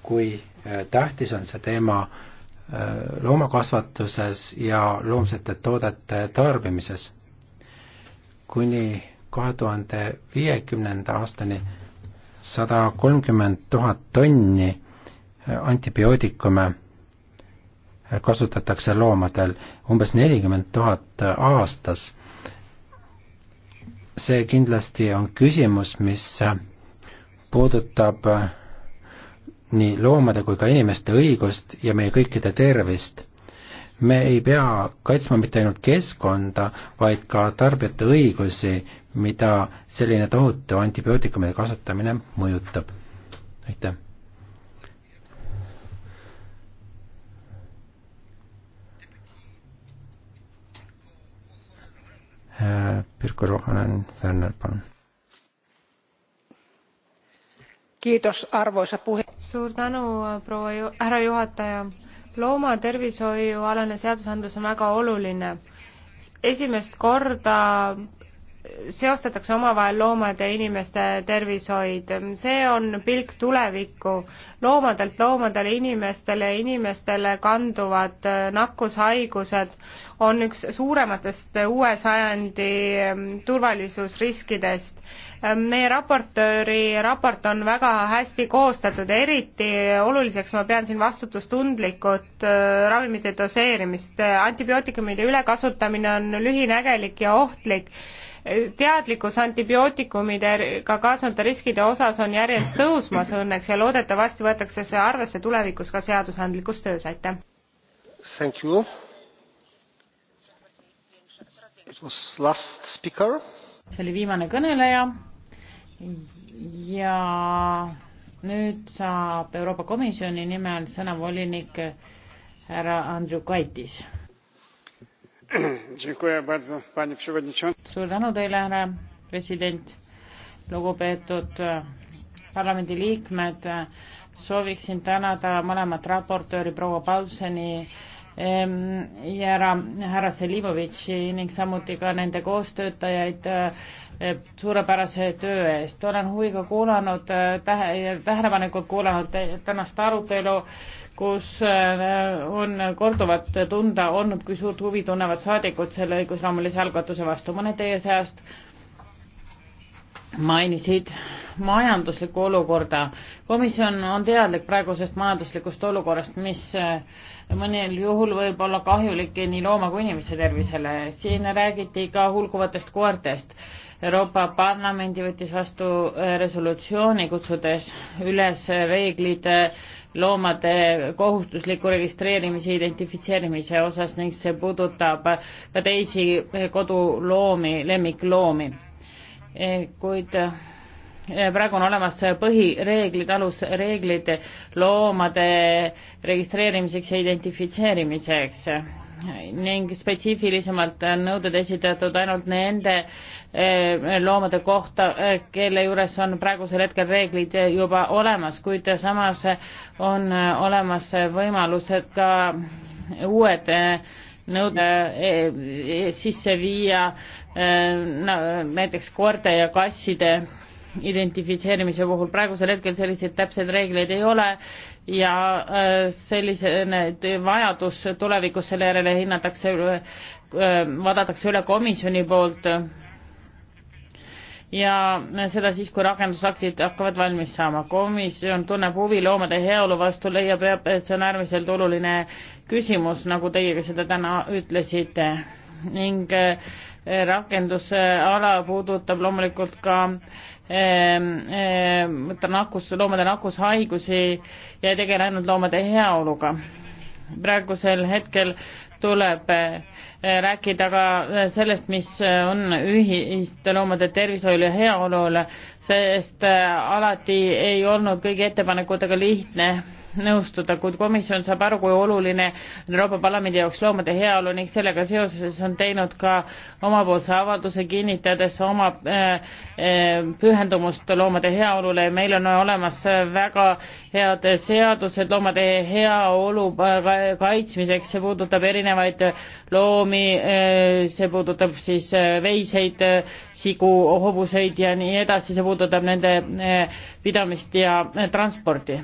kui äh, tähtis on see teema äh, loomakasvatuses ja loomsete toodete tarbimises. kuni kahe tuhande viiekümnenda aastani sada kolmkümmend tuhat tonni äh, antibiootikume kasutatakse loomadel, umbes nelikümmend tuhat aastas see kindlasti on küsimus, mis puudutab nii loomade kui ka inimeste õigust ja meie kõikide tervist. me ei pea kaitsma mitte ainult keskkonda, vaid ka tarbijate õigusi, mida selline tohutu antibiootikumide kasutamine mõjutab. aitäh! Ruohonen Werner, palun. suur tänu, proua, härra juhataja. loomatervishoiualane seadusandlus on väga oluline esimest korda seostatakse omavahel loomade ja inimeste tervishoid. see on pilk tulevikku. loomadelt loomadele, inimestele ja inimestele kanduvad nakkushaigused on üks suurematest uue sajandi ehm, turvalisusriskidest. Ehm, meie raportööri raport on väga hästi koostatud, eriti oluliseks ma pean siin vastutustundlikud ehm, ravimite doseerimist. antibiootikumide ülekasutamine on lühinägelik ja ohtlik teadlikkus antibiootikumidega ka kaasnevate riskide osas on järjest tõusmas õnneks ja loodetavasti võetakse see arvesse tulevikus ka seadusandlikus töös, aitäh! see oli viimane kõneleja ja nüüd saab Euroopa Komisjoni nimel sõna volinik härra Andrukaitis. [CLEARS THROAT] suur tänu teile, härra president, lugupeetud e, parlamendiliikmed, e, sooviksin tänada mõlemat raportööri proua Paulseni e, ja härra, härra Selivovitši ning samuti ka nende koostöötajaid suurepärase töö eest. olen huviga kuulanud, tähelepanelikult kuulanud tänast arutelu kus äh, on korduvalt tunda olnud, kui suurt huvi tunnevad saadikud selle õigusloomulise algatuse vastu. mõned teie seast mainisid majanduslikku olukorda. komisjon on teadlik praegusest majanduslikust olukorrast, mis äh, mõnel juhul võib olla kahjulik nii looma kui inimese tervisele. siin räägiti ka hulguvatest koertest. Euroopa Parlamendi võttis vastu äh, resolutsiooni, kutsudes üles reeglid loomade kohustusliku registreerimise identifitseerimise osas ning see puudutab ka teisi koduloomi, lemmikloomi. kuid eh, praegu on olemas põhireeglid, alusreeglid loomade registreerimiseks ja identifitseerimiseks ning spetsiifilisemalt on nõuded esitatud ainult nende eh, loomade kohta, eh, kelle juures on praegusel hetkel reeglid juba olemas, kuid samas on eh, olemas võimalused ka uued nõude sisse viia näiteks koerte ja kasside identifitseerimise puhul, praegusel hetkel selliseid täpseid reegleid ei ole ja äh, selline vajadus tulevikus selle järele hinnatakse, äh, vaadatakse üle komisjoni poolt ja seda siis, kui rakendusaktid hakkavad valmis saama. komisjon tunneb huvi loomade heaolu vastu, leiab, et see on äärmiselt oluline küsimus, nagu teiegi seda täna ütlesite ning äh, rakendusala puudutab loomulikult ka äh, Ehm, ehm, nakkus, loomade nakkushaigusi ja ei tegele ainult loomade heaoluga. praegusel hetkel tuleb eh, rääkida ka sellest, mis on ühist loomade tervishoiul ja heaolul, sest eh, alati ei olnud kõigi ettepanekutega lihtne nõustuda, kuid komisjon saab aru, kui oluline Euroopa Parlamendi jaoks loomade heaolu ning sellega seoses on teinud ka omapoolse avalduse, kinnitades oma äh, äh, pühendumust loomade heaolule ja meil on olemas väga head seadused loomade heaolu kaitsmiseks, see puudutab erinevaid loomi, äh, see puudutab siis veiseid, sigu, hobuseid ja nii edasi, see puudutab nende pidamist ja transporti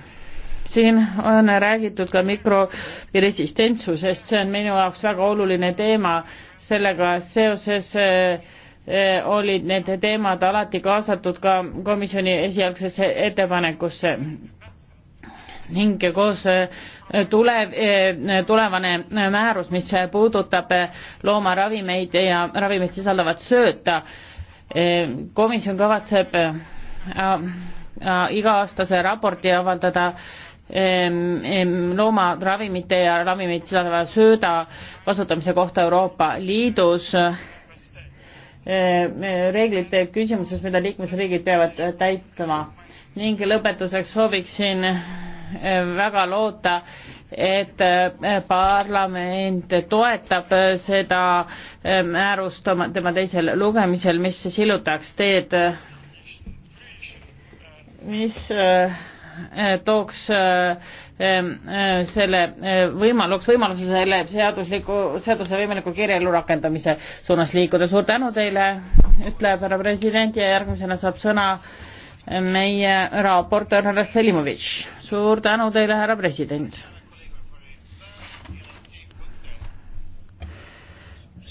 siin on räägitud ka mikroresistentsusest, see on minu jaoks väga oluline teema, sellega seoses eh, eh, olid need teemad alati kaasatud ka komisjoni esialgsesse ettepanekusse ning koos eh, tulev, tulevane määrus, mis puudutab loomaravimeid ja ravimeid sisaldavat sööta, komisjon kavatseb iga-aastase raporti avaldada äh, loomaravimite ja ravimeid sisaldava sööda kasutamise kohta Euroopa Liidus reeglite küsimuses, mida liikmesriigid peavad täitma. ning lõpetuseks sooviksin väga loota, et parlament toetab seda määrust oma, tema teisel lugemisel, mis siis illutaks teed, mis Äh, tooks äh, ähm, äh, selle võimalus, võimaluse selle seadusliku, seaduse võimaliku kirjaelu rakendamise suunas liikuda. suur tänu teile, ütleb härra president ja järgmisena saab sõna meie raportöör härra Selimovitš. suur tänu teile, härra president.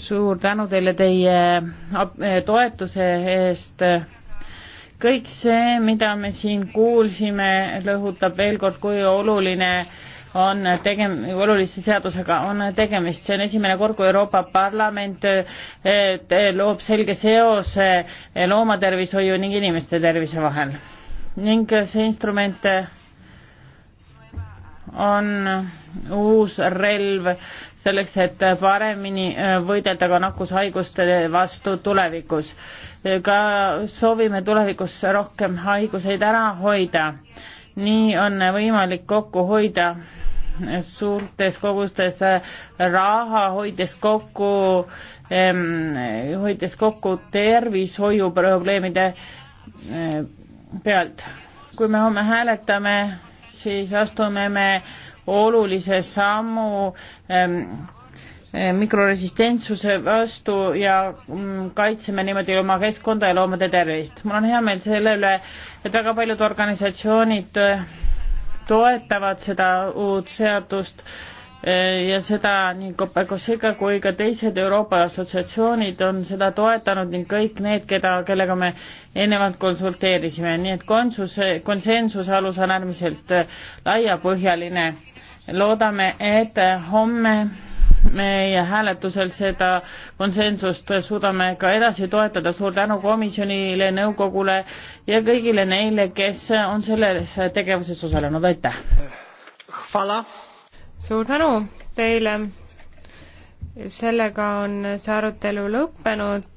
suur tänu teile teie toetuse eest kõik see, mida me siin kuulsime, lõhutab veel kord, kui oluline on tegem-, olulise seadusega on tegemist, see on esimene kord, kui Euroopa Parlament eh, loob selge seose eh, loomatervishoiu ning inimeste tervise vahel. ning see instrument eh, on uus relv selleks, et paremini äh, võidelda ka nakkushaiguste vastu tulevikus. ka soovime tulevikus rohkem haiguseid ära hoida. nii on võimalik kokku hoida suurtes kogustes äh, raha, hoides kokku, hoides kokku tervishoiuprobleemide äh, pealt. kui me homme hääletame siis astume me olulise sammu ähm, äh, mikroresistentsuse vastu ja mm, kaitseme niimoodi oma keskkonda ja loomade tervist. mul on hea meel selle üle, et väga paljud organisatsioonid äh, toetavad seda uut seadust äh, Eh, ja seda nii Copacosega kui ka teised Euroopa assotsiatsioonid on seda toetanud ning kõik need, keda, kellega me eelnevalt konsulteerisime, nii et konsuse, konsensuse alus on äärmiselt eh, laiapõhjaline. loodame, et eh, homme meie hääletusel seda konsensust suudame ka edasi toetada. suur tänu komisjonile, nõukogule ja kõigile neile, kes on selles tegevuses osalenud, aitäh! Hvala suur tänu teile. sellega on see arutelu lõppenud.